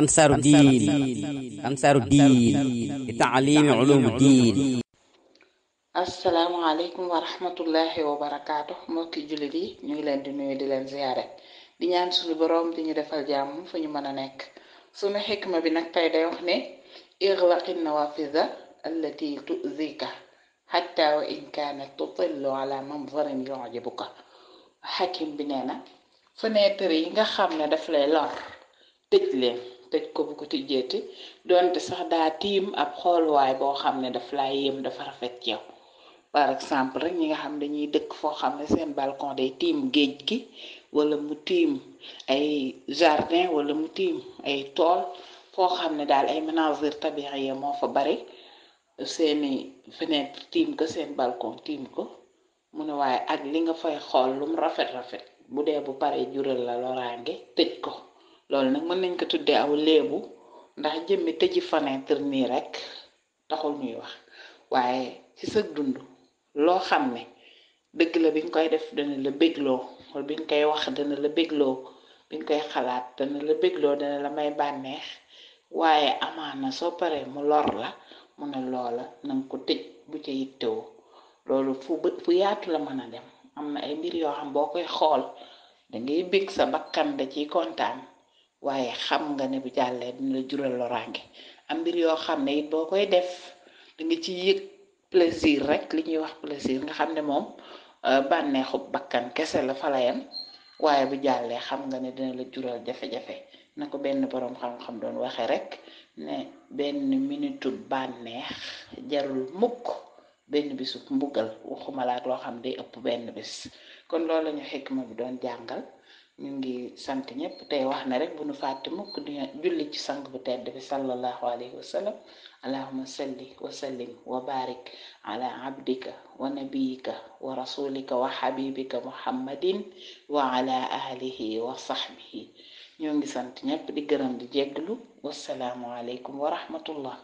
ansaaru diin ansaaru diin di taalimi ulumu diin. asalaamaaleykum wa rahmatullahi wa barakaatu mbokki jullit yi ñu ngi leen di nuyu di leen ziyaare di ñaan suñu boroom di ñu defal jàmm fu ñu mën a nekk suñu xikma bi nag tey day wax ne iglaqi nawafida allati tuzika xatta wa in kaanat tutillu ala manzarin yujibuka xakim bi nee na fenêtre yi nga xam ne daf lay lor tëj leen. tëj ko bu ko tijjeeti donte sax daa tiim ab xooluwaay boo xam ne daf laa yéem dafa rafet ci yow par exemple rek ñi nga xam ne dañuy dëkk foo xam ne seen balcon day tiim géej gi wala mu tiim ay jardin wala mu tiim ay tool foo xam ne daal ay ménagerie tabiiya moo fa bari seeni fenêtre tiim ko seen balcon tiim ko mu ne waaye ak li nga fay xool lum rafet rafet bu dee bu paree jural la loraange tëj ko loolu nag mën nañ ko tuddee aw léebu ndax jëmmi tëji fenêtre nii rekk taxul ñuy wax waaye ci sa dund loo xam ne dëgg la biñ koy def dana la bégloo wala koy wax dana la bégloo biñ koy xalaat dana la bégloo dana la may bànneex waaye amaana soo paree mu lor la mu ne loola nanga ko tëj bu ca yittewoo loolu fu fu yaatu la mën a dem am na ay mbir yoo xam boo koy xool dangay bég sa bakkan da ciy kontaan waaye xam nga ne bu jàllee dina la jural loraange am mbir yoo xam ne it boo koy def da nga ci yëg plaisir rek li ñuy wax plaisir nga xam ne moom euh, bànneexu bakkan kese la fa waaye bu jàllee xam nga ne dina la jural jafe-jafe na ko benn boroom xam-xam doon waxe rek ne benn minitu bànneex jarul mukk benn bisu mbugal waxuma la ak loo xam day ëpp benn bis kon loolu la ñu xikma bi doon jàngal ñu ngi sant ñëpp tey wax na rek bu nu fàtte mukk di julli ci sang bu tedd bi sallallahu alayhi wa sallam allahuma salli wa sallim wa barik ala abdika wa nabiyika wa rasulika wa xabibika muhammadin wa ala wa sahbihi ñoo ngi sant ñëpp di gërëm di jégglu wasalaamu aleykum wa rahmatullah